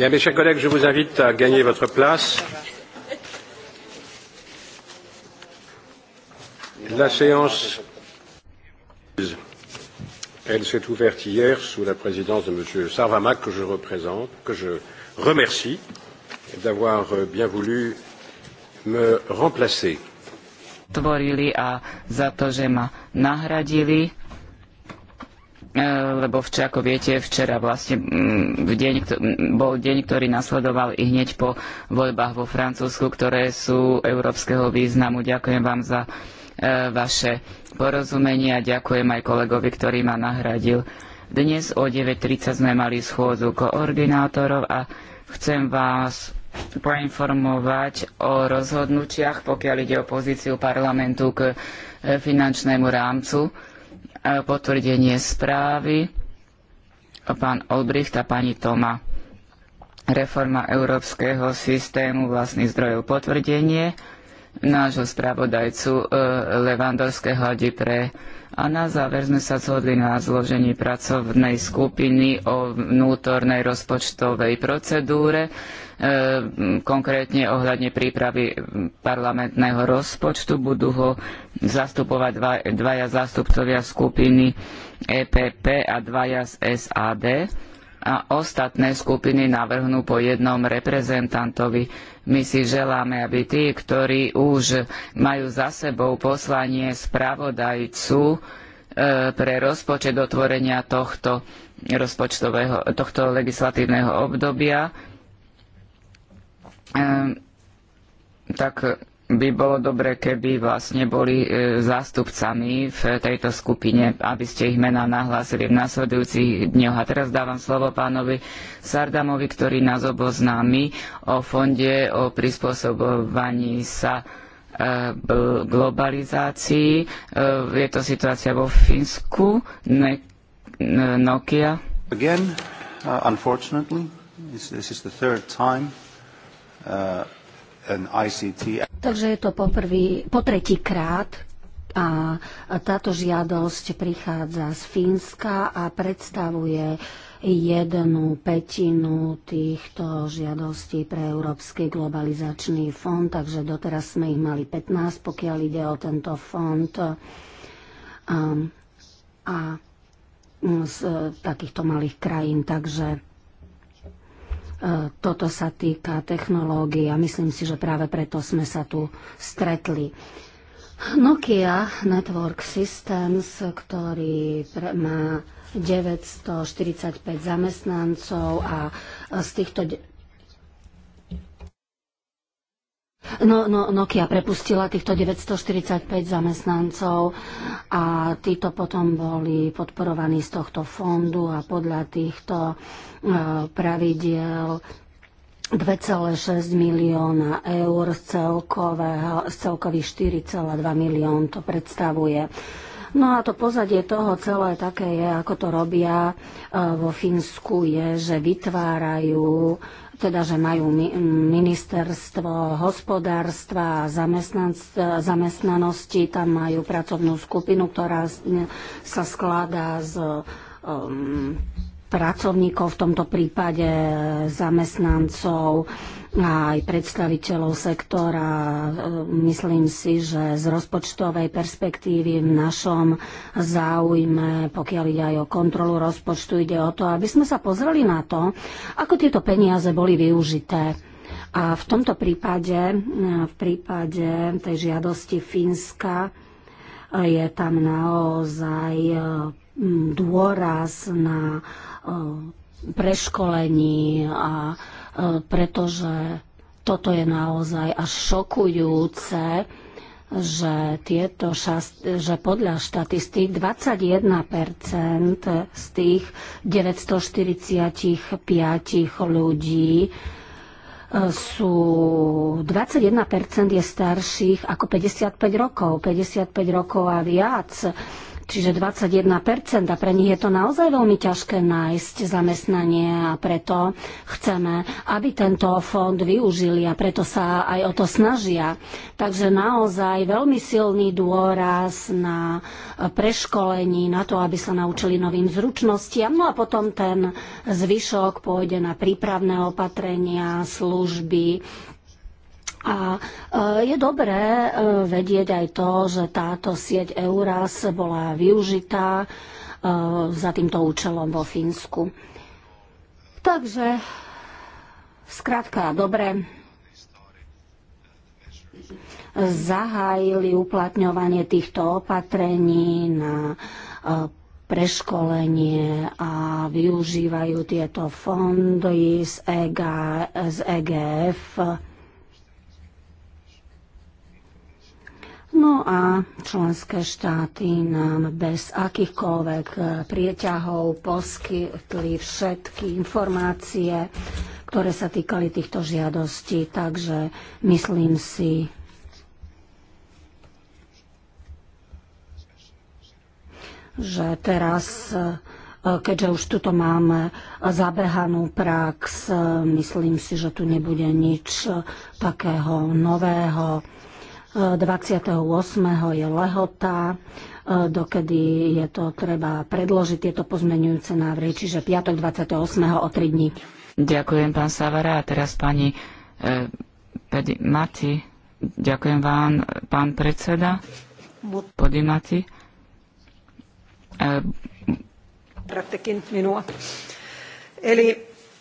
Bien, mes chers collègues, je vous invite à gagner votre place. La séance, elle s'est ouverte hier sous la présidence de M. Sarvamaa, que je représente, que je remercie d'avoir euh, bien voulu me remplacer. Tvorili a za to, že ma nahradili E, lebo včera, ako viete, včera vlastne mm, v deň, mm, bol deň, ktorý nasledoval i hneď po voľbách vo Francúzsku, ktoré sú európskeho významu. Ďakujem vám za e, vaše porozumenie a ďakujem aj kolegovi, ktorý ma nahradil. Dnes o 9.30 sme mali schôdzu koordinátorov a chcem vás poinformovať o rozhodnutiach, pokiaľ ide o pozíciu parlamentu k e, finančnému rámcu potvrdenie správy pán Olbricht a pani Toma. Reforma európskeho systému vlastných zdrojov potvrdenie nášho spravodajcu eh, Levandovského a pre a na záver sme sa zhodli na zložení pracovnej skupiny o vnútornej rozpočtovej procedúre, e, konkrétne ohľadne prípravy parlamentného rozpočtu. Budú ho zastupovať dva, dvaja zástupcovia skupiny EPP a dvaja z SAD a ostatné skupiny navrhnú po jednom reprezentantovi my si želáme, aby tí, ktorí už majú za sebou poslanie spravodajcu e, pre rozpočet otvorenia tohto, rozpočtového, tohto legislatívneho obdobia, e, tak by bolo dobre, keby vlastne boli e, zástupcami v tejto skupine, aby ste ich mená nahlásili v následujúcich dňoch. A teraz dávam slovo pánovi Sardamovi, ktorý nás oboznámi o fonde o prispôsobovaní sa e, globalizácii. E, je to situácia vo Fínsku, ne, e, Nokia. Again, uh, unfortunately, this, this is the third time uh, Takže je to poprvý, po tretí krát, a táto žiadosť prichádza z Fínska a predstavuje jednu petinu týchto žiadostí pre Európsky globalizačný fond, takže doteraz sme ich mali 15, pokiaľ ide o tento fond. A, a z takýchto malých krajín, takže toto sa týka technológií a myslím si, že práve preto sme sa tu stretli. Nokia Network Systems, ktorý má 945 zamestnancov a z týchto no, no, Nokia prepustila týchto 945 zamestnancov a títo potom boli podporovaní z tohto fondu a podľa týchto e, pravidiel 2,6 milióna eur z, celkového, z celkových 4,2 milión to predstavuje. No a to pozadie toho celé také je, ako to robia e, vo Fínsku, je, že vytvárajú teda že majú ministerstvo hospodárstva a zamestnanosti, tam majú pracovnú skupinu, ktorá sa skladá z um, pracovníkov, v tomto prípade zamestnancov a aj predstaviteľov sektora. Myslím si, že z rozpočtovej perspektívy v našom záujme, pokiaľ ide aj o kontrolu rozpočtu, ide o to, aby sme sa pozreli na to, ako tieto peniaze boli využité. A v tomto prípade, v prípade tej žiadosti Fínska, je tam naozaj mm, dôraz na Eh, preškolení a eh, pretože toto je naozaj až šokujúce, že, tieto šast, že podľa štatistík 21 z tých 945 ľudí eh, sú 21% je starších ako 55 rokov, 55 rokov a viac čiže 21%, a pre nich je to naozaj veľmi ťažké nájsť zamestnanie a preto chceme, aby tento fond využili a preto sa aj o to snažia. Takže naozaj veľmi silný dôraz na preškolení, na to, aby sa naučili novým zručnostiam, no a potom ten zvyšok pôjde na prípravné opatrenia, služby, a e, je dobré e, vedieť aj to, že táto sieť Euras bola využitá e, za týmto účelom vo Fínsku. Takže, skrátka, dobre, zahájili uplatňovanie týchto opatrení na preškolenie a využívajú tieto fondy z, EG, z EGF No a členské štáty nám bez akýchkoľvek e, prieťahov poskytli všetky informácie, ktoré sa týkali týchto žiadostí, takže myslím si, že teraz, e, keďže už tuto máme zabehanú prax, e, myslím si, že tu nebude nič takého nového 28. je lehota, e, dokedy je to treba predložiť tieto pozmenujúce návrhy, čiže piatok 28. o 3 dní. Ďakujem, pán Savara. A teraz pani eh, Pedi, Mati. Ďakujem vám, pán predseda. Podimati. Eh, Eli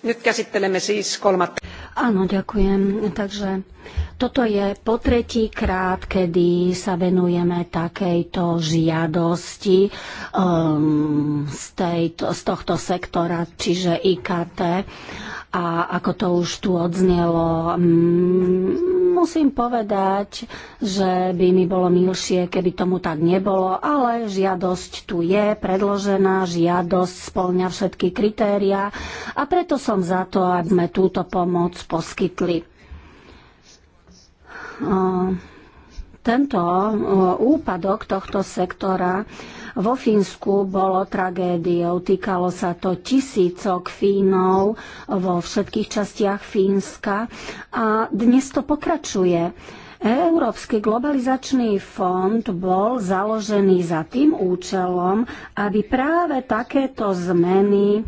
nyt käsittelemme siis kolmatta Áno, ďakujem. Takže toto je po tretí krát, kedy sa venujeme takejto žiadosti um, z, tejto, z tohto sektora, čiže IKT. A ako to už tu odznelo, um, musím povedať, že by mi bolo milšie, keby tomu tak nebolo, ale žiadosť tu je predložená, žiadosť spolňa všetky kritéria a preto som za to, aby sme túto pomoc poskytli. Ehm, tento e, úpadok tohto sektora vo Fínsku bolo tragédiou. Týkalo sa to tisícok Fínov vo všetkých častiach Fínska a dnes to pokračuje. Európsky globalizačný fond bol založený za tým účelom, aby práve takéto zmeny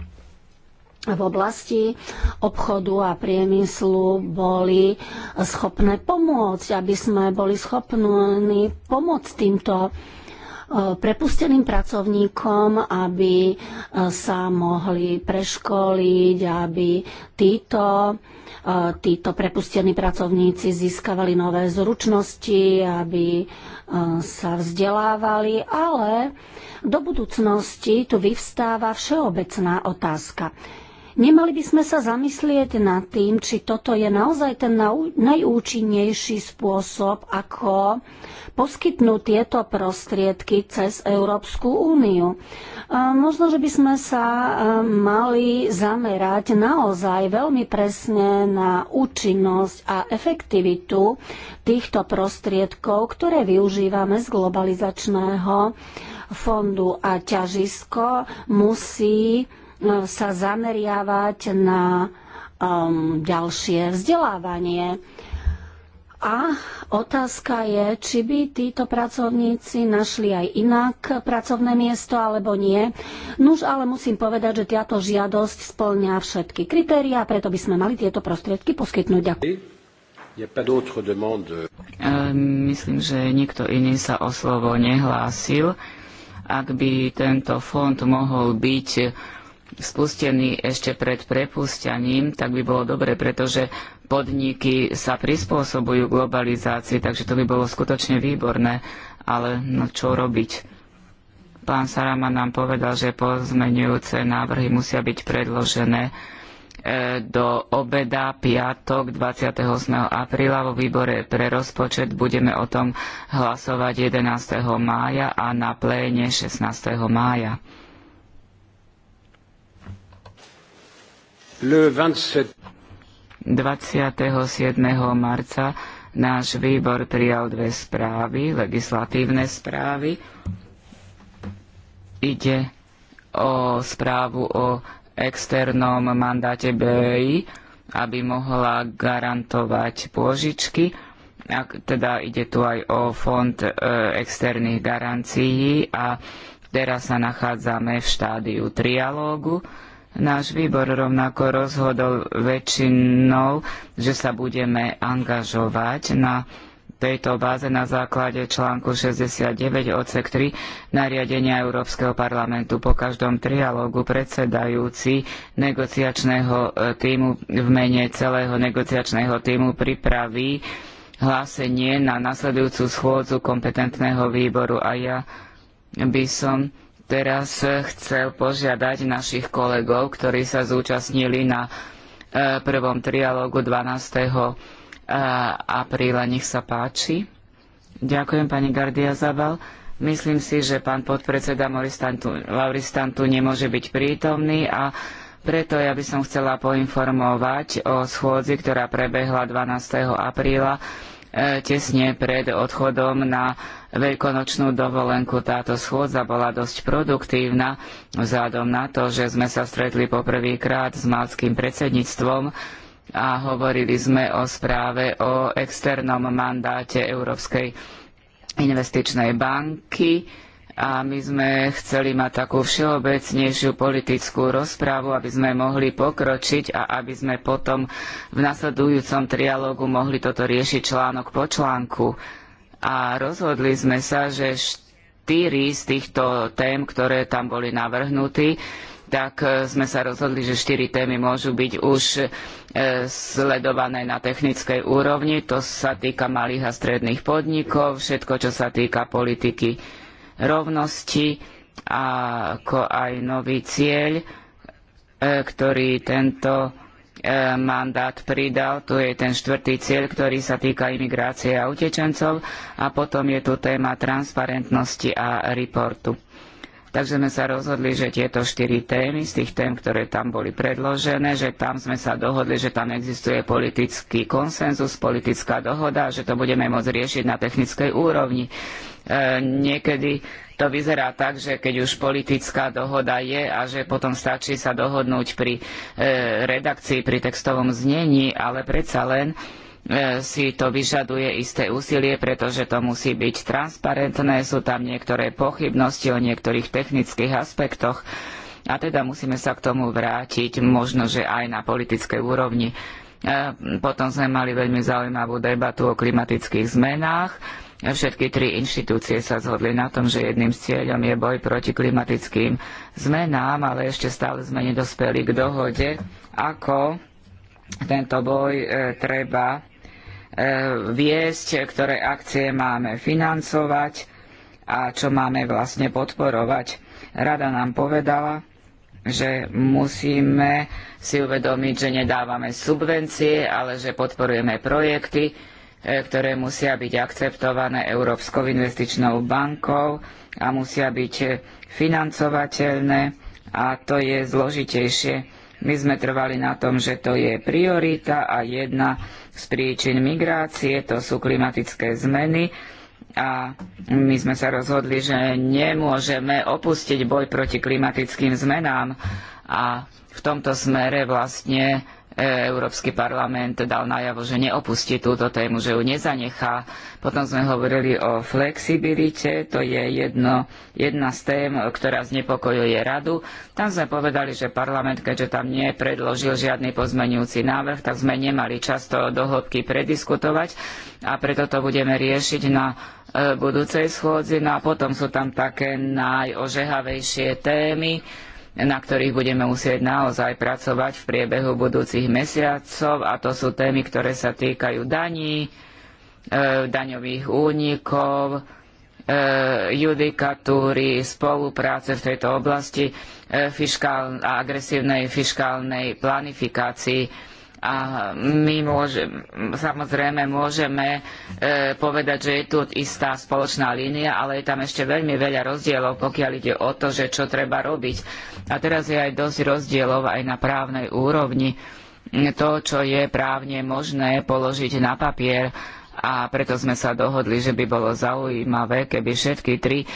v oblasti obchodu a priemyslu boli schopné pomôcť, aby sme boli schopní pomôcť týmto E, prepusteným pracovníkom, aby e, sa mohli preškoliť, aby títo e, títo prepustení pracovníci získavali nové zručnosti, aby sa vzdelávali, ale do budúcnosti tu vyvstáva všeobecná otázka. Nemali by sme sa zamyslieť nad tým, či toto je naozaj ten najúčinnejší spôsob, ako poskytnúť tieto prostriedky cez Európsku úniu. Možno, že by sme sa mali zamerať naozaj veľmi presne na účinnosť a efektivitu týchto prostriedkov, ktoré využívame z globalizačného fondu a ťažisko musí sa zameriavať na um, ďalšie vzdelávanie. A otázka je, či by títo pracovníci našli aj inak pracovné miesto alebo nie. Nuž ale musím povedať, že táto žiadosť splňa všetky kritériá, preto by sme mali tieto prostriedky poskytnúť. Ďakujem. E, myslím, že nikto iný sa o slovo nehlásil. Ak by tento fond mohol byť spustený ešte pred prepušťaním, tak by bolo dobre, pretože podniky sa prispôsobujú globalizácii, takže to by bolo skutočne výborné. Ale no, čo robiť? Pán Sarama nám povedal, že pozmenujúce návrhy musia byť predložené e, do obeda piatok 28. apríla vo výbore pre rozpočet. Budeme o tom hlasovať 11. mája a na pléne 16. mája. 27. marca náš výbor prijal dve správy, legislatívne správy. Ide o správu o externom mandáte BEI, aby mohla garantovať pôžičky. teda ide tu aj o fond e, externých garancií a teraz sa nachádzame v štádiu trialógu Náš výbor rovnako rozhodol väčšinou, že sa budeme angažovať na tejto báze na základe článku 69 odsek 3 nariadenia Európskeho parlamentu. Po každom trialógu predsedajúci negociačného e, týmu v mene celého negociačného týmu pripraví hlásenie na nasledujúcu schôdzu kompetentného výboru a ja by som teraz eh, chcel požiadať našich kolegov, ktorí sa zúčastnili na eh, prvom trialógu 12. Eh, apríla. Nech sa páči. Ďakujem, pani Gardia Zabal. Myslím si, že pán podpredseda Lauristan tu nemôže byť prítomný a preto ja by som chcela poinformovať o schôdzi, ktorá prebehla 12. apríla E, tesne pred odchodom na veľkonočnú dovolenku. Táto schôdza bola dosť produktívna vzhľadom na to, že sme sa stretli poprvýkrát s malským predsedníctvom a hovorili sme o správe o externom mandáte Európskej investičnej banky a my sme chceli mať takú všeobecnejšiu politickú rozprávu, aby sme mohli pokročiť a aby sme potom v nasledujúcom trialógu mohli toto riešiť článok po článku. A rozhodli sme sa, že štyri z týchto tém, ktoré tam boli navrhnutí, tak e, sme sa rozhodli, že štyri témy môžu byť už e, sledované na technickej úrovni. To sa týka malých a stredných podnikov, všetko, čo sa týka politiky rovnosti, ako aj nový cieľ, e, ktorý tento e, mandát pridal. Tu je ten štvrtý cieľ, ktorý sa týka imigrácie a utečencov. A potom je tu téma transparentnosti a reportu. Takže sme sa rozhodli, že tieto štyri témy z tých tém, ktoré tam boli predložené, že tam sme sa dohodli, že tam existuje politický konsenzus, politická dohoda, že to budeme môcť riešiť na technickej úrovni. E, niekedy to vyzerá tak, že keď už politická dohoda je a že potom stačí sa dohodnúť pri e, redakcii, pri textovom znení, ale predsa len E, si to vyžaduje isté úsilie, pretože to musí byť transparentné, sú tam niektoré pochybnosti o niektorých technických aspektoch a teda musíme sa k tomu vrátiť, možno, že aj na politickej úrovni. E, potom sme mali veľmi zaujímavú debatu o klimatických zmenách. Všetky tri inštitúcie sa zhodli na tom, že jedným z cieľom je boj proti klimatickým zmenám, ale ešte stále sme nedospeli k dohode, ako tento boj e, treba E, viesť, ktoré akcie máme financovať a čo máme vlastne podporovať. Rada nám povedala, že musíme si uvedomiť, že nedávame subvencie, ale že podporujeme projekty, e, ktoré musia byť akceptované Európskou investičnou bankou a musia byť financovateľné a to je zložitejšie. My sme trvali na tom, že to je priorita a jedna z príčin migrácie, to sú klimatické zmeny a my sme sa rozhodli, že nemôžeme opustiť boj proti klimatickým zmenám a v tomto smere vlastne E, Európsky parlament dal najavo, že neopustí túto tému, že ju nezanechá. Potom sme hovorili o flexibilite, to je jedno, jedna z tém, ktorá znepokojuje radu. Tam sme povedali, že parlament, keďže tam nepredložil žiadny pozmenujúci návrh, tak sme nemali často dohlbky prediskutovať a preto to budeme riešiť na e, budúcej schôdzi. No a potom sú tam také najožehavejšie témy, na ktorých budeme musieť naozaj pracovať v priebehu budúcich mesiacov a to sú témy, ktoré sa týkajú daní, e, daňových únikov, e, judikatúry, spolupráce v tejto oblasti e, a agresívnej fiškálnej planifikácii a my samozrejme môžeme e, povedať, že je tu istá spoločná línia, ale je tam ešte veľmi veľa rozdielov, pokiaľ ide o to, že čo treba robiť. A teraz je aj dosť rozdielov aj na právnej úrovni. To, čo je právne možné položiť na papier, a preto sme sa dohodli, že by bolo zaujímavé, keby všetky tri e,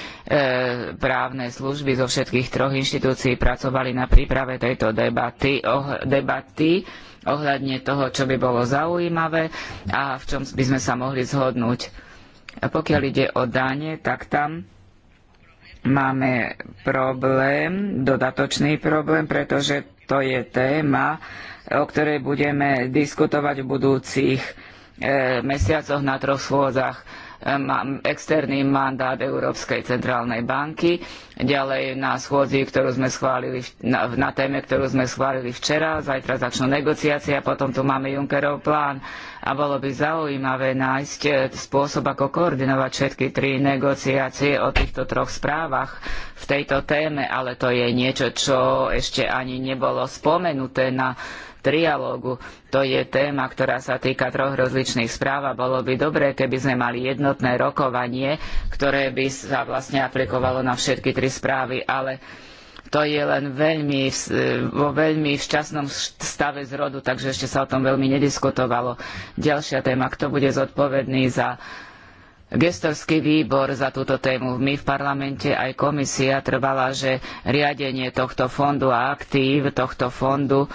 právne služby zo všetkých troch inštitúcií pracovali na príprave tejto debaty, oh, debaty ohľadne toho, čo by bolo zaujímavé a v čom by sme sa mohli zhodnúť. A pokiaľ ide o dane, tak tam máme problém, dodatočný problém, pretože to je téma, o ktorej budeme diskutovať v budúcich e, mesiacoch na troch schôdzach Eh, externý mandát Európskej centrálnej banky. Ďalej na schôdzi, ktorú sme schválili, na, na téme, ktorú sme schválili včera, zajtra začnú negociácie a potom tu máme Junckerov plán a bolo by zaujímavé nájsť eh, spôsob, ako koordinovať všetky tri negociácie o týchto troch správach v tejto téme, ale to je niečo, čo ešte ani nebolo spomenuté na trialógu. To je téma, ktorá sa týka troch rozličných správ a bolo by dobré, keby sme mali jednotné rokovanie, ktoré by sa vlastne aplikovalo na všetky tri správy, ale to je len veľmi, vo veľmi včasnom stave zrodu, takže ešte sa o tom veľmi nediskutovalo. Ďalšia téma, kto bude zodpovedný za gestorský výbor za túto tému. My v parlamente aj komisia trvala, že riadenie tohto fondu a aktív tohto fondu e,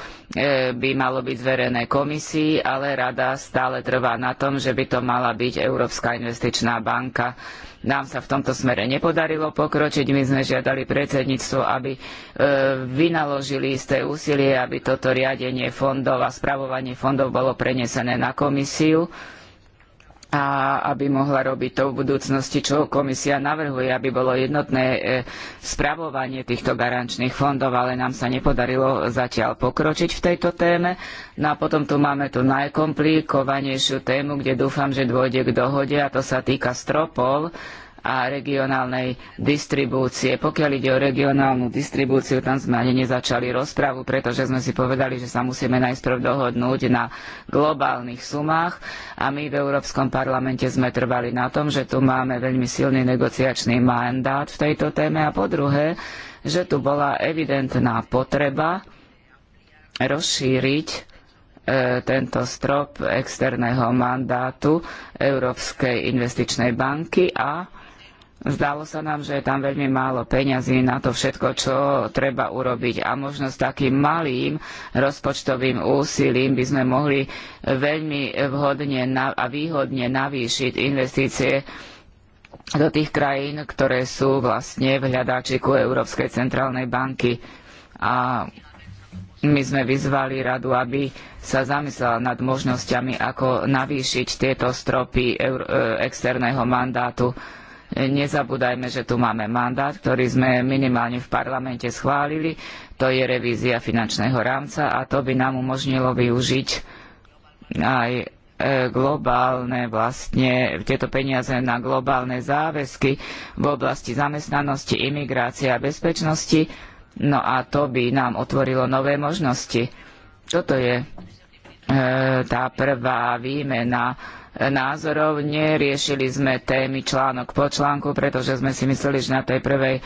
by malo byť zverené komisii, ale rada stále trvá na tom, že by to mala byť Európska investičná banka. Nám sa v tomto smere nepodarilo pokročiť. My sme žiadali predsedníctvo, aby e, vynaložili isté úsilie, aby toto riadenie fondov a spravovanie fondov bolo prenesené na komisiu a aby mohla robiť to v budúcnosti, čo komisia navrhuje, aby bolo jednotné e, spravovanie týchto garančných fondov, ale nám sa nepodarilo zatiaľ pokročiť v tejto téme. No a potom tu máme tú najkomplikovanejšiu tému, kde dúfam, že dôjde k dohode a to sa týka stropov a regionálnej distribúcie. Pokiaľ ide o regionálnu distribúciu, tam sme ani nezačali rozpravu, pretože sme si povedali, že sa musíme najprv dohodnúť na globálnych sumách a my v Európskom parlamente sme trvali na tom, že tu máme veľmi silný negociačný mandát v tejto téme a po druhé, že tu bola evidentná potreba rozšíriť e, tento strop externého mandátu Európskej investičnej banky a Zdalo sa nám, že je tam veľmi málo peňazí na to všetko, čo treba urobiť a možno s takým malým rozpočtovým úsilím by sme mohli veľmi vhodne a výhodne navýšiť investície do tých krajín, ktoré sú vlastne v hľadáčiku Európskej centrálnej banky. A my sme vyzvali radu, aby sa zamyslela nad možnosťami, ako navýšiť tieto stropy e, externého mandátu Nezabúdajme, že tu máme mandát, ktorý sme minimálne v parlamente schválili. To je revízia finančného rámca a to by nám umožnilo využiť aj e, globálne vlastne tieto peniaze na globálne záväzky v oblasti zamestnanosti, imigrácie a bezpečnosti. No a to by nám otvorilo nové možnosti. Čo to je? E, tá prvá výmena názorov. Neriešili sme témy článok po článku, pretože sme si mysleli, že na tej prvej e,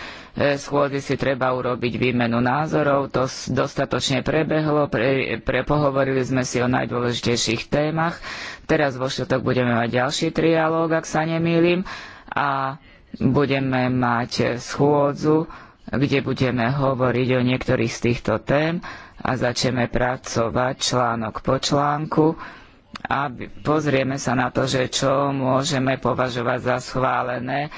schôdzi si treba urobiť výmenu názorov. To dostatočne prebehlo, pre, pre pohovorili sme si o najdôležitejších témach. Teraz vo štvrtok budeme mať ďalší trialóg, ak sa nemýlim, a budeme mať schôdzu, kde budeme hovoriť o niektorých z týchto tém a začneme pracovať článok po článku a pozrieme sa na to, že čo môžeme považovať za schválené,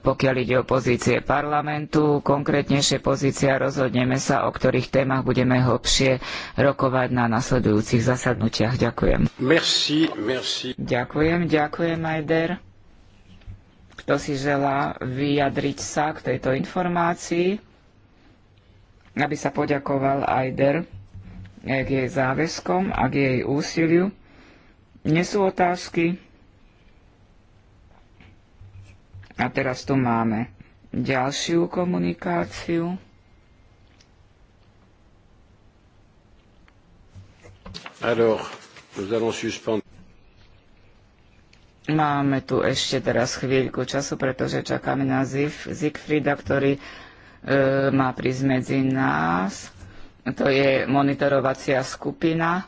pokiaľ ide o pozície parlamentu, konkrétnejšie pozície a rozhodneme sa, o ktorých témach budeme hlbšie rokovať na nasledujúcich zasadnutiach. Ďakujem. Merci, merci. Ďakujem, ďakujem, Majder. Kto si želá vyjadriť sa k tejto informácii? aby sa poďakoval Ajder k jej záväzkom a k jej úsiliu. Nie sú otázky. A teraz tu máme ďalšiu komunikáciu. Alors, nous allons suspendre. Máme tu ešte teraz chvíľku času, pretože čakáme na Zif, Zigfrida, ktorý E, má prísť medzi nás. To je monitorovacia skupina.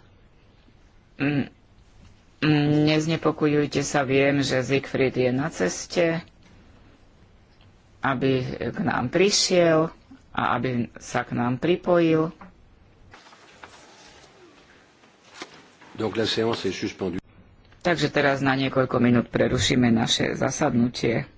Neznepokojujte sa, viem, že Siegfried je na ceste, aby k nám prišiel a aby sa k nám pripojil. Takže teraz na niekoľko minút prerušíme naše zasadnutie.